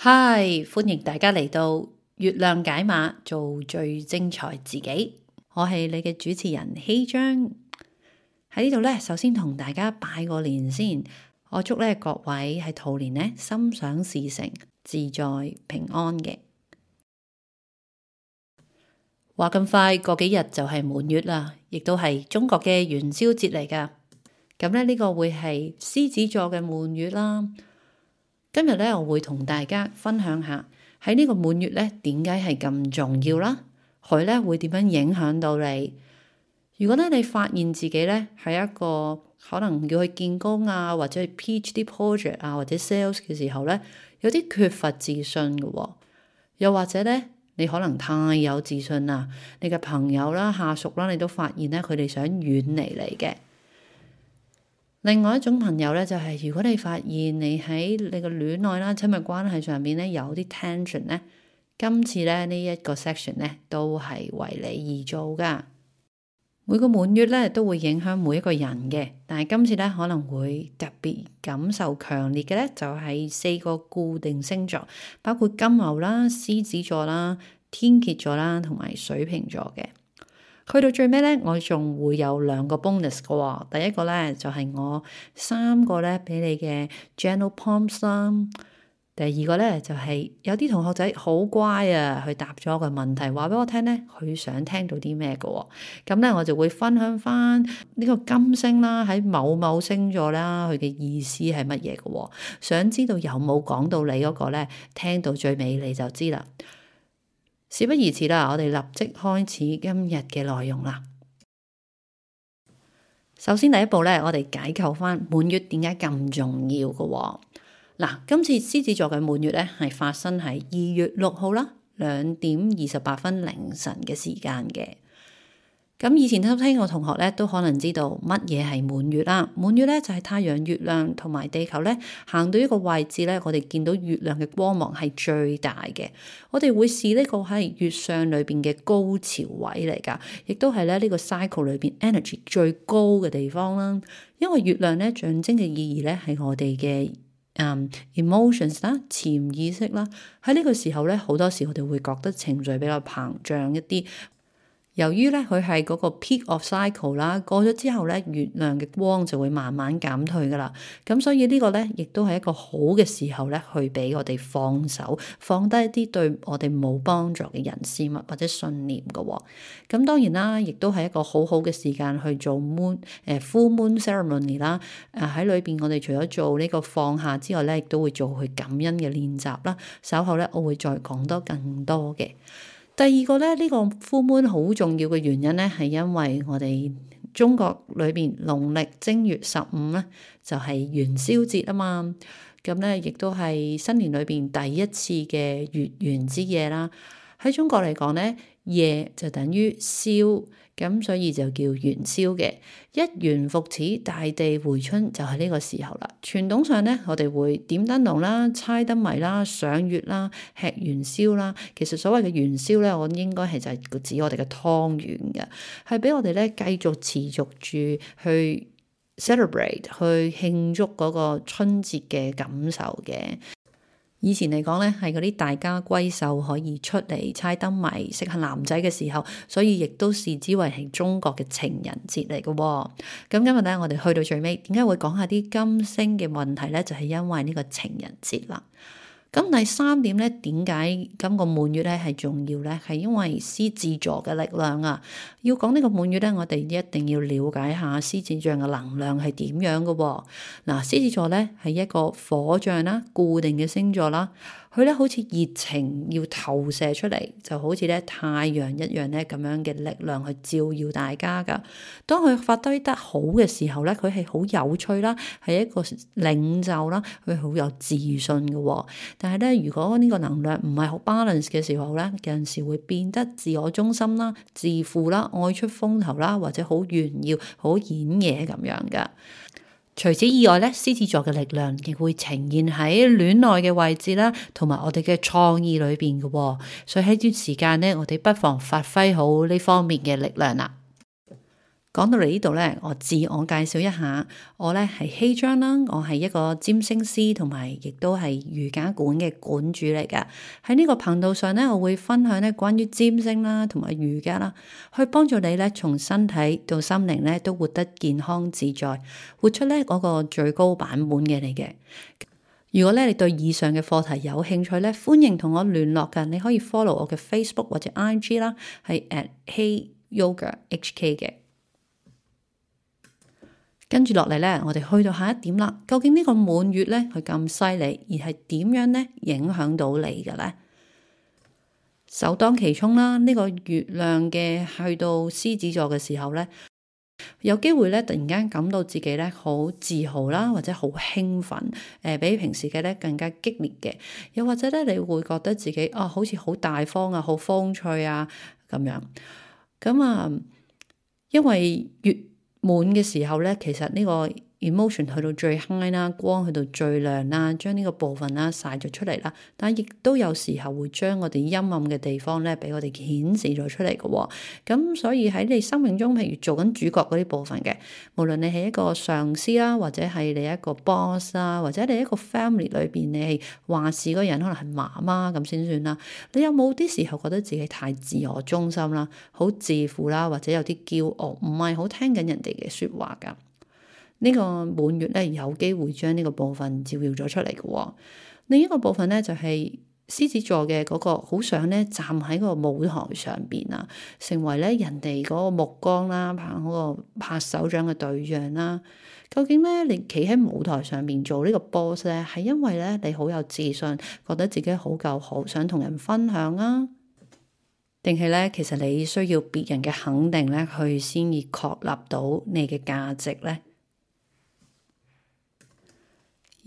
嗨，Hi, 歡迎大家嚟到月亮解碼，做最精彩自己。我係你嘅主持人希章喺呢度呢，hey、首先同大家拜個年先，我祝呢各位喺兔年呢心想事成、自在平安嘅。話咁快，過幾日就係滿月啦，亦都係中國嘅元宵節嚟㗎。咁咧呢、呢個會係獅子座嘅滿月啦。今日咧，我會同大家分享下喺呢個滿月咧，點解係咁重要啦？佢咧會點樣影響到你？如果咧你發現自己咧係一個可能要去見工啊，或者去 pitch 啲 project 啊，或者 sales 嘅時候咧，有啲缺乏自信嘅、哦，又或者咧你可能太有自信啦，你嘅朋友啦、下屬啦，你都發現咧佢哋想遠離你嘅。另外一種朋友咧，就係如果你發現你喺你嘅戀愛啦、親密關係上邊咧有啲 tension 咧，今次咧呢一個 section 咧都係為你而做噶。每個滿月咧都會影響每一個人嘅，但係今次咧可能會特別感受強烈嘅咧，就係四個固定星座，包括金牛啦、獅子座啦、天蠍座啦同埋水瓶座嘅。去到最尾咧，我仲會有兩個 bonus 嘅喎。第一個咧就係我三個咧俾你嘅 journal prompts 啦。第二個咧就係有啲同學仔好乖啊，佢答咗個問題，話俾我聽咧，佢想聽到啲咩嘅。咁咧我就會分享翻呢個金星啦，喺某某星座啦，佢嘅意思係乜嘢嘅。想知道有冇講到你嗰個咧？聽到最尾你就知啦。事不宜遲啦，我哋立即開始今日嘅內容啦。首先第一步咧，我哋解構翻滿月點解咁重要嘅？嗱，今次獅子座嘅滿月咧係發生喺二月六號啦，兩點二十八分凌晨嘅時間嘅。咁以前都聽過我同學咧，都可能知道乜嘢係滿月啦。滿月咧就係、是、太陽、月亮同埋地球咧行到一個位置咧，我哋見到月亮嘅光芒係最大嘅。我哋會視呢個係月相裏邊嘅高潮位嚟㗎，亦都係咧呢個 cycle 裏邊 energy 最高嘅地方啦。因為月亮咧象徵嘅意義咧係我哋嘅嗯 emotions 啦、潛意識啦。喺呢個時候咧，好多時我哋會覺得情緒比較膨脹一啲。由於咧佢係嗰個 peak of cycle 啦，過咗之後咧，月亮嘅光就會慢慢減退噶啦。咁所以呢個咧，亦都係一個好嘅時候咧，去俾我哋放手、放低一啲對我哋冇幫助嘅人事物或者信念嘅、哦。咁當然啦，亦都係一個好好嘅時間去做 moon 誒、呃、full moon ceremony 啦。誒喺裏邊我哋除咗做呢個放下之外咧，亦都會做去感恩嘅練習啦。稍後咧，我會再講多更多嘅。第二個咧，呢、這個 full moon 好重要嘅原因咧，係因為我哋中國裏邊農曆正月十五咧，就係、是、元宵節啊嘛，咁咧亦都係新年裏邊第一次嘅月圓之夜啦。喺中國嚟講咧。夜就等於宵，咁所以就叫元宵嘅。一元復始，大地回春就係呢個時候啦。傳統上咧，我哋會點燈籠啦、猜燈謎啦、賞月啦、吃元宵啦。其實所謂嘅元宵咧，我應該係就係指我哋嘅湯圓嘅，係俾我哋咧繼續持續住去 celebrate 去慶祝嗰個春節嘅感受嘅。以前嚟講咧，係嗰啲大家閨秀可以出嚟猜燈謎，識下男仔嘅時候，所以亦都視之為係中國嘅情人節嚟嘅。咁今日咧，我哋去到最尾，點解會講下啲金星嘅問題咧？就係因為呢個情人節啦。咁第三點咧，點解今個滿月咧係重要咧？係因為獅子座嘅力量啊！要講呢個滿月咧，我哋一定要了解下獅子座嘅能量係點樣嘅。嗱，獅子座咧係一個火象啦，固定嘅星座啦。佢咧好似熱情要投射出嚟，就好似咧太陽一樣咧咁樣嘅力量去照耀大家噶。當佢發揮得好嘅時候咧，佢係好有趣啦，係一個領袖啦，佢好有自信嘅。但係咧，如果呢個能量唔係好 balance 嘅時候咧，有陣時會變得自我中心啦、自負啦、愛出風頭啦，或者好炫耀、好演嘢咁樣嘅。除此以外咧，獅子座嘅力量亦會呈現喺戀愛嘅位置啦，同埋我哋嘅創意裏邊嘅喎，所以喺呢段時間咧，我哋不妨發揮好呢方面嘅力量啦。講到嚟呢度咧，我自我介紹一下，我咧係 Hei Cheung 啦，我係一個占星師同埋，亦都係瑜伽館嘅館主嚟嘅。喺呢個頻道上咧，我會分享咧關於占星啦，同埋瑜伽啦，去幫助你咧從身體到心靈咧都活得健康自在，活出咧嗰個最高版本嘅你嘅。如果咧你對以上嘅課題有興趣咧，歡迎同我聯絡嘅，你可以 follow 我嘅 Facebook 或者 IG 啦，係 at Hei Yoga HK 嘅。跟住落嚟咧，我哋去到下一點啦。究竟呢個滿月咧，佢咁犀利，而係點樣咧影響到你嘅咧？首當其衝啦，呢個月亮嘅去到獅子座嘅時候咧，有機會咧突然間感到自己咧好自豪啦，或者好興奮，誒、呃，比平時嘅咧更加激烈嘅，又或者咧你會覺得自己啊、哦，好似好大方啊，好風趣啊咁樣。咁啊、嗯，因為月。滿嘅時候咧，其實呢個。emotion 去到最 high 啦，光去到最亮啦，將呢個部分啦晒咗出嚟啦，但亦都有時候會將我哋陰暗嘅地方咧，俾我哋顯示咗出嚟嘅。咁所以喺你生命中，譬如做緊主角嗰啲部分嘅，無論你係一個上司啦，或者係你一個 boss 啦，或者你一個 family 裏邊，你係話事嗰人可能係媽媽咁先算啦。你有冇啲時候覺得自己太自我中心啦，好自負啦，或者有啲驕傲，唔係好聽緊人哋嘅說話噶？個滿呢個滿月咧，有機會將呢個部分照耀咗出嚟嘅、哦。另一個部分咧，就係、是、獅子座嘅嗰、那個好想咧，站喺個舞台上邊啊，成為咧人哋嗰個目光啦、拍嗰個拍手掌嘅對象啦。究竟咧，你企喺舞台上邊做個呢個 boss 咧，係因為咧你好有自信，覺得自己好夠好，想同人分享啊？定係咧，其實你需要別人嘅肯定咧，去先至確立到你嘅價值咧？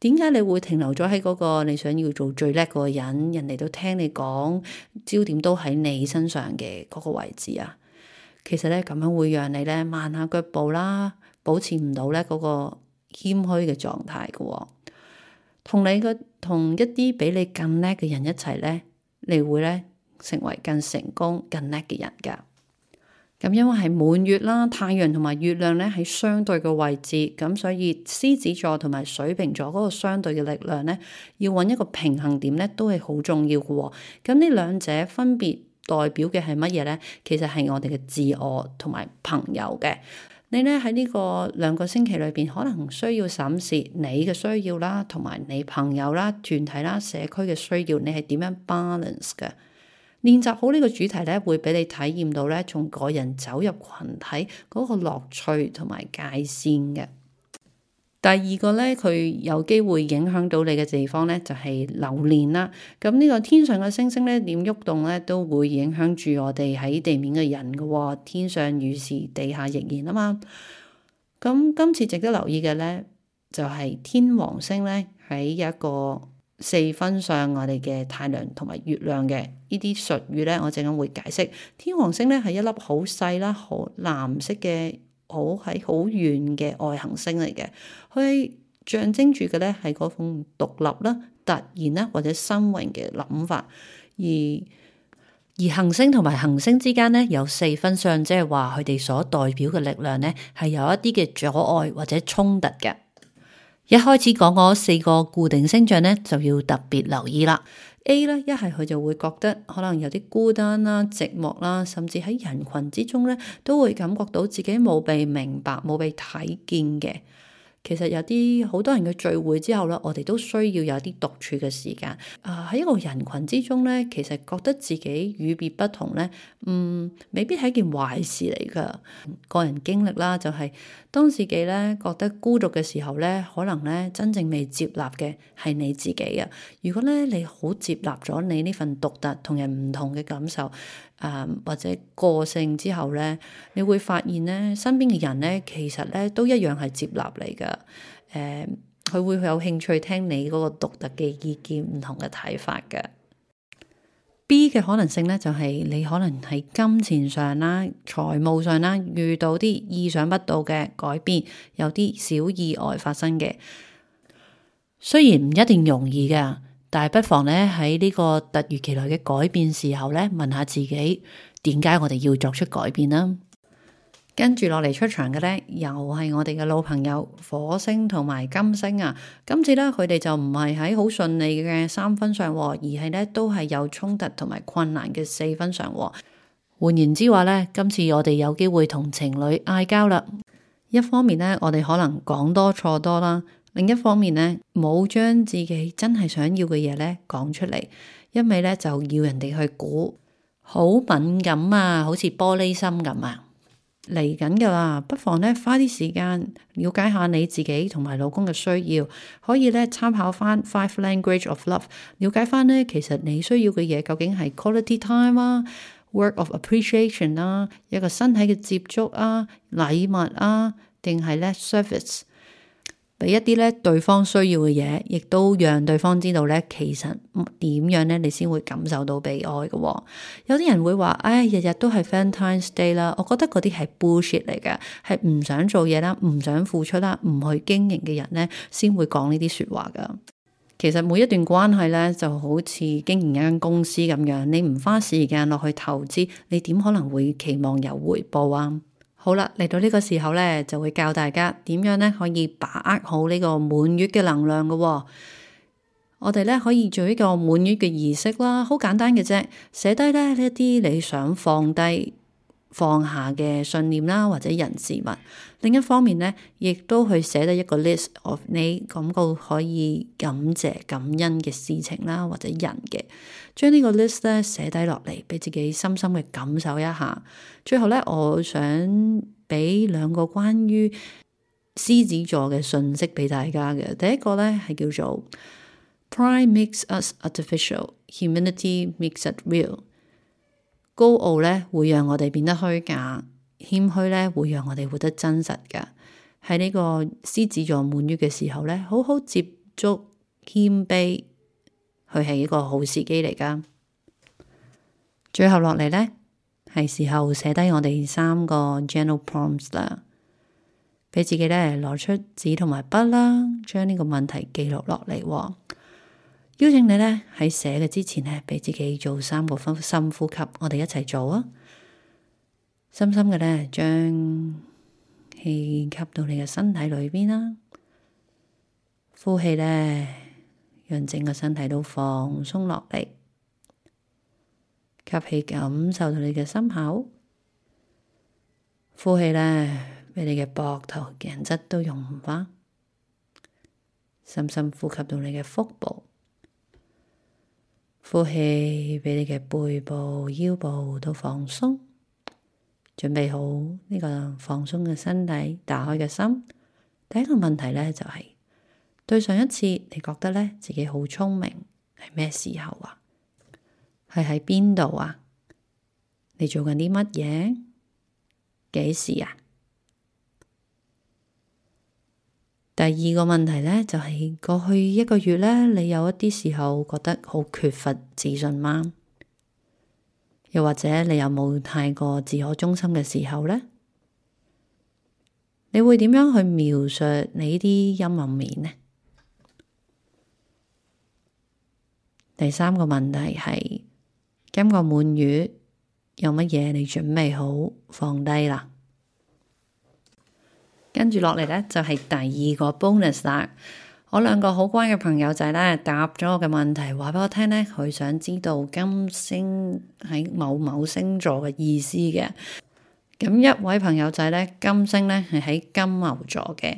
點解你會停留咗喺嗰個你想要做最叻嗰個人？人哋都聽你講，焦點都喺你身上嘅嗰個位置啊！其實咧咁樣會讓你咧慢下腳步啦，保持唔到咧嗰個謙虛嘅狀態嘅喎。同你個同一啲比你更叻嘅人一齊咧，你會咧成為更成功、更叻嘅人噶。咁因為係滿月啦，太陽同埋月亮咧喺相對嘅位置，咁所以獅子座同埋水瓶座嗰個相對嘅力量咧，要揾一個平衡點咧，都係好重要嘅。咁呢兩者分別代表嘅係乜嘢咧？其實係我哋嘅自我同埋朋友嘅。你咧喺呢個兩個星期裏邊，可能需要審視你嘅需要啦，同埋你朋友啦、團體啦、社區嘅需要，你係點樣 balance 嘅？練習好呢個主題咧，會俾你體驗到咧，從個人走入群體嗰個樂趣同埋界線嘅。第二個咧，佢有機會影響到你嘅地方咧，就係流年啦。咁呢個天上嘅星星咧，點喐動咧，都會影響住我哋喺地面嘅人嘅、哦。天上如是，地下亦然啊嘛。咁今次值得留意嘅咧，就係、是、天王星咧喺一個。四分相我哋嘅太陽同埋月亮嘅。呢啲術語咧，我陣間會解釋。天王星咧係一粒好細啦、好藍色嘅、好喺好遠嘅外行星嚟嘅，佢象徵住嘅咧係嗰種獨立啦、突然啦或者新穎嘅諗法。而而行星同埋行星之間咧有四分相，即係話佢哋所代表嘅力量咧係有一啲嘅阻礙或者衝突嘅。一開始講嗰四個固定星象咧，就要特別留意啦。A 咧一係佢就會覺得可能有啲孤單啦、寂寞啦，甚至喺人群之中咧，都會感覺到自己冇被明白、冇被睇見嘅。其實有啲好多人嘅聚會之後咧，我哋都需要有啲獨處嘅時間。啊、呃，喺一個人群之中咧，其實覺得自己與別不同咧，嗯，未必係一件壞事嚟㗎。個人經歷啦，就係、是、當自己咧覺得孤獨嘅時候咧，可能咧真正未接納嘅係你自己啊。如果咧你好接納咗你呢份獨特同人唔同嘅感受。誒，或者個性之後咧，你會發現咧，身邊嘅人咧，其實咧都一樣係接納你嘅。誒、呃，佢會有興趣聽你嗰個獨特嘅意見、唔同嘅睇法嘅。B 嘅可能性咧，就係、是、你可能喺金錢上啦、財務上啦，遇到啲意想不到嘅改變，有啲小意外發生嘅。雖然唔一定容易嘅。但係不妨咧，喺呢個突如其來嘅改變時候咧，問下自己點解我哋要作出改變啦？跟住落嚟出場嘅咧，又係我哋嘅老朋友火星同埋金星啊！今次咧，佢哋就唔係喺好順利嘅三分上喎，而係咧都係有衝突同埋困難嘅四分上喎。換言之話咧，今次我哋有機會同情侶嗌交啦。一方面咧，我哋可能講多錯多啦。另一方面咧，冇將自己真係想要嘅嘢咧講出嚟，因為咧就要人哋去估，好敏感啊，好似玻璃心咁啊，嚟緊噶啦，不妨咧花啲時間了解下你自己同埋老公嘅需要，可以咧參考翻 Five Language of Love，了解翻咧其實你需要嘅嘢究竟係 Quality Time 啊，Work of Appreciation 啦，一個身體嘅接觸啊，禮物啊，定係咧 Service。俾一啲咧對方需要嘅嘢，亦都讓對方知道咧，其實點樣咧，你先會感受到被愛嘅。有啲人會話：唉、哎，日日都係 Valentine's Day 啦。我覺得嗰啲係 bullshit 嚟嘅，係唔想做嘢啦，唔想付出啦，唔去經營嘅人咧，先會講呢啲説話噶。其實每一段關係咧，就好似經營一間公司咁樣，你唔花時間落去投資，你點可能會期望有回報啊？好啦，嚟到呢個時候咧，就會教大家點樣咧可以把握好呢個滿月嘅能量嘅哦。我哋咧可以做呢個滿月嘅儀式啦，好簡單嘅啫，寫低咧呢一啲你想放低放下嘅信念啦，或者人事物。另一方面咧，亦都去寫低一個 list of 你感覺可以感謝感恩嘅事情啦，或者人嘅。將呢個 list 咧寫低落嚟，俾自己深深嘅感受一下。最後咧，我想俾兩個關於獅子座嘅信息俾大家嘅。第一個咧係叫做 “Prime makes us artificial, humanity makes it real”。高傲咧，會讓我哋變得虛假，謙虛咧，會讓我哋活得真實噶喺呢個獅子座滿月嘅時候咧，好好接觸謙卑，佢係一個好時機嚟噶最後落嚟咧，係時候寫低我哋三個 journal prompts 啦，畀自己咧攞出紙同埋筆啦，將呢個問題記錄落嚟喎。邀請你呢，喺寫嘅之前呢，俾自己做三個分深呼吸，我哋一齊做啊！深深嘅，呢，將氣吸到你嘅身體裏邊啦，呼氣呢，讓整個身體都放鬆落嚟，吸氣感受到你嘅心口，呼氣呢，俾你嘅膊頭、頸脊都融化，深深呼吸到你嘅腹部。呼氣，畀你嘅背部、腰部都放鬆，準備好呢個放鬆嘅身體、打開嘅心。第一個問題呢，就係、是，對上一次你覺得呢自己好聰明係咩時候啊？係喺邊度啊？你做緊啲乜嘢？幾時啊？第二個問題呢，就係過去一個月呢，你有一啲時候覺得好缺乏自信嗎？又或者你有冇太過自我中心嘅時候呢？你會點樣去描述你呢啲陰暗面呢？第三個問題係今個滿月有乜嘢你準備好放低啦？跟住落嚟咧，就係第二個 bonus 啦。我兩個好乖嘅朋友仔咧答咗我嘅問題，話俾我聽咧，佢想知道金星喺某某星座嘅意思嘅。咁一位朋友仔咧，金星咧係喺金牛座嘅。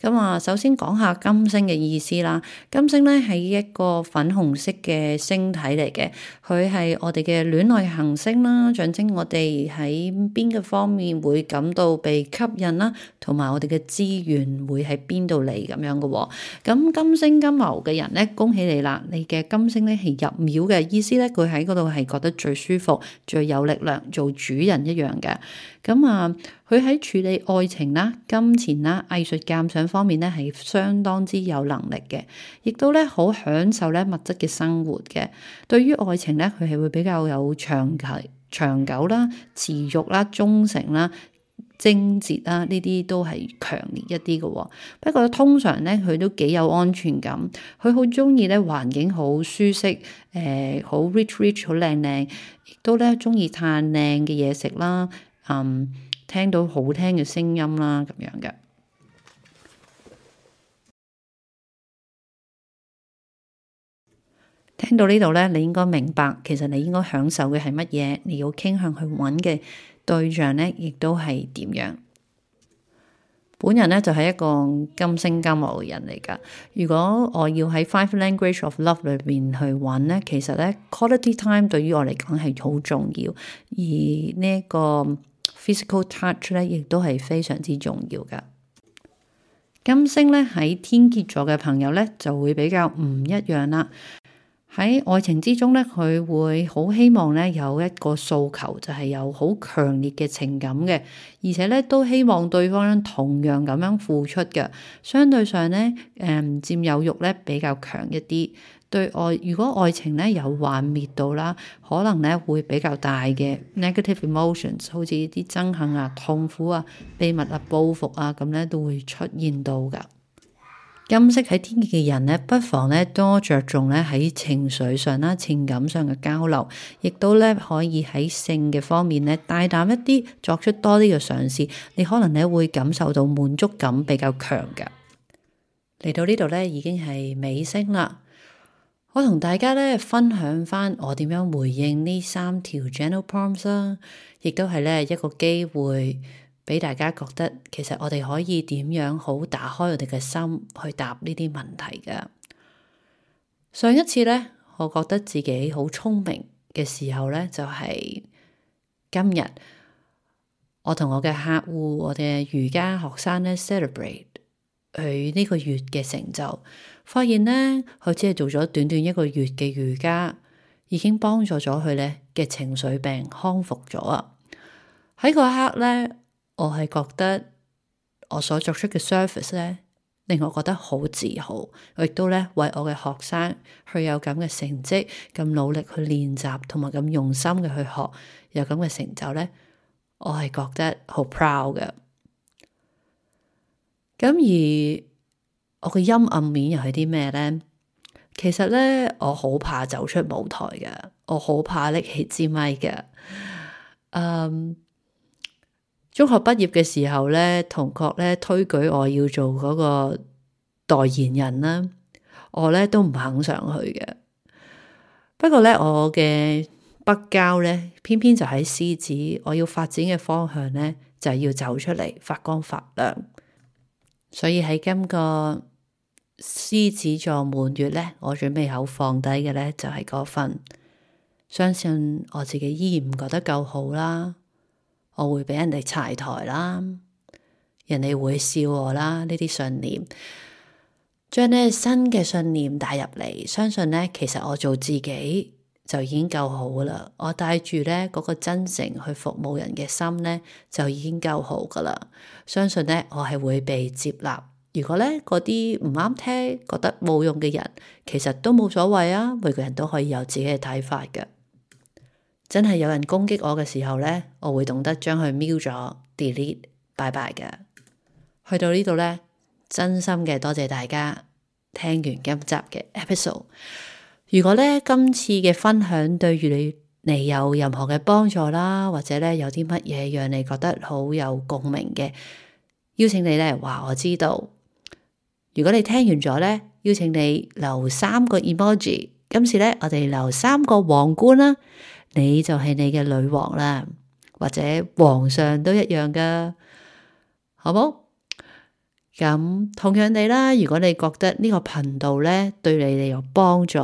咁啊，首先講下金星嘅意思啦。金星咧係一個粉紅色嘅星體嚟嘅，佢係我哋嘅戀愛行星啦，象徵我哋喺邊個方面會感到被吸引啦。同埋我哋嘅資源會喺邊度嚟咁樣嘅喎、哦？咁金星金牛嘅人咧，恭喜你啦！你嘅金星咧係入廟嘅意思咧，佢喺嗰度係覺得最舒服、最有力量做主人一樣嘅。咁啊，佢喺處理愛情啦、金錢啦、藝術鑒賞方面咧，係相當之有能力嘅，亦都咧好享受咧物質嘅生活嘅。對於愛情咧，佢係會比較有長期、長久啦、持續啦、忠誠啦。精緻啦、啊，呢啲都係強烈一啲嘅。不過通常咧，佢都幾有安全感。佢好中意咧環境好舒適，誒好 rich rich 好靚靚，亦都咧中意嘆靚嘅嘢食啦，嗯，聽到好聽嘅聲音啦，咁樣嘅。聽到呢度咧，你應該明白，其實你應該享受嘅係乜嘢，你要傾向去揾嘅。對象咧，亦都係點樣？本人咧就係、是、一個金星金牛嘅人嚟噶。如果我要喺 Five Language of Love 裏面去揾咧，其實咧 Quality Time 對於我嚟講係好重要，而呢一個 Physical Touch 咧，亦都係非常之重要噶。金星咧喺天蠍座嘅朋友咧，就會比較唔一樣啦。喺愛情之中咧，佢會好希望咧有一個訴求，就係、是、有好強烈嘅情感嘅，而且咧都希望對方咧同樣咁樣付出嘅。相對上咧，誒、嗯、佔有欲咧比較強一啲。對愛，如果愛情咧有幻滅到啦，可能咧會比較大嘅 negative emotions，好似啲憎恨啊、痛苦啊、秘密啊、報復啊咁咧都會出現到噶。金色喺天蠍嘅人咧，不妨咧多着重咧喺情緒上啦、情感上嘅交流，亦都咧可以喺性嘅方面咧大膽一啲，作出多啲嘅嘗試，你可能咧會感受到滿足感比較強嘅。嚟到呢度咧，已經係尾聲啦。我同大家咧分享返我點樣回應呢三條 general prompts 啦，亦都係咧一個機會。俾大家覺得，其實我哋可以點樣好打開我哋嘅心去答呢啲問題嘅。上一次呢，我覺得自己好聰明嘅時候呢，就係今日我同我嘅客戶、我嘅瑜伽學生呢 celebrate 佢呢個月嘅成就，發現呢，佢只係做咗短短一個月嘅瑜伽，已經幫助咗佢呢嘅情緒病康復咗啊！喺嗰一刻呢。我係覺得我所作出嘅 service 咧，令我覺得好自豪。我亦都咧為我嘅學生去有咁嘅成績，咁努力去練習，同埋咁用心嘅去學，有咁嘅成就咧，我係覺得好 proud 嘅。咁而我嘅陰暗面又係啲咩咧？其實咧，我好怕走出舞台嘅，我好怕拎起支咪嘅。嗯，um. 中學畢業嘅時候咧，同學咧推舉我要做嗰個代言人啦，我咧都唔肯上去嘅。不過咧，我嘅北交咧，偏偏就喺獅子，我要發展嘅方向咧，就係要走出嚟發光發亮。所以喺今個獅子座滿月咧，我準備好放低嘅咧，就係嗰份，相信我自己依然唔覺得夠好啦。我會畀人哋柴台啦，人哋會笑我啦。呢啲信念，將呢新嘅信念帶入嚟，相信呢其實我做自己就已經夠好噶啦。我帶住呢嗰個真誠去服務人嘅心呢就已經夠好噶啦。相信呢我係會被接納。如果呢嗰啲唔啱聽、覺得冇用嘅人，其實都冇所謂啊。每個人都可以有自己嘅睇法㗎。真係有人攻擊我嘅時候咧，我會懂得將佢瞄咗 delete，拜拜嘅。去到呢度咧，真心嘅多謝大家聽完今集嘅 episode。如果咧今次嘅分享對於你你有任何嘅幫助啦，或者咧有啲乜嘢讓你覺得好有共鳴嘅，邀請你咧話我知道。如果你聽完咗咧，邀請你留三個 emoji。今次咧，我哋留三個皇冠啦。你就係你嘅女王啦，或者皇上都一樣噶，好冇？咁同樣地啦，如果你覺得呢個頻道咧對你哋有幫助，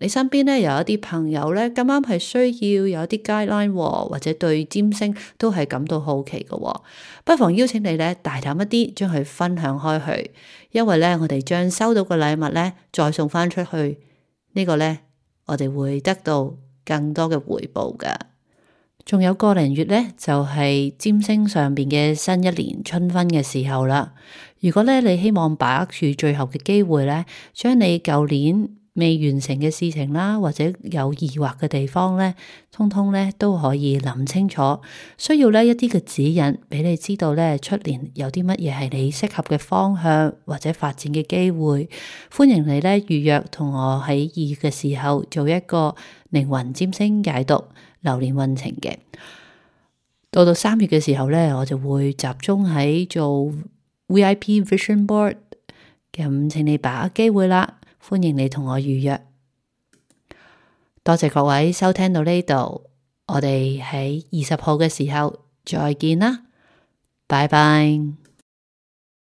你身邊咧有一啲朋友咧咁啱係需要有一啲 guideline、哦、或者對占星都係感到好奇嘅、哦，不妨邀請你咧大膽一啲，將佢分享開去，因為咧我哋將收到嘅禮物咧再送翻出去，這個、呢個咧我哋會得到。更多嘅回報噶，仲有個零月咧，就係、是、占星上邊嘅新一年春分嘅時候啦。如果咧你希望把握住最後嘅機會咧，將你舊年，未完成嘅事情啦，或者有疑惑嘅地方咧，通通咧都可以諗清楚。需要咧一啲嘅指引，畀你知道咧，出年有啲乜嘢係你適合嘅方向或者發展嘅機會。歡迎你咧預約同我喺二月嘅時候做一個靈魂占星解讀，流年運程嘅。到到三月嘅時候咧，我就會集中喺做 VIP Vision Board，咁請你把握機會啦。歡迎你同我預約，多謝各位收聽到呢度，我哋喺二十號嘅時候再見啦，拜拜。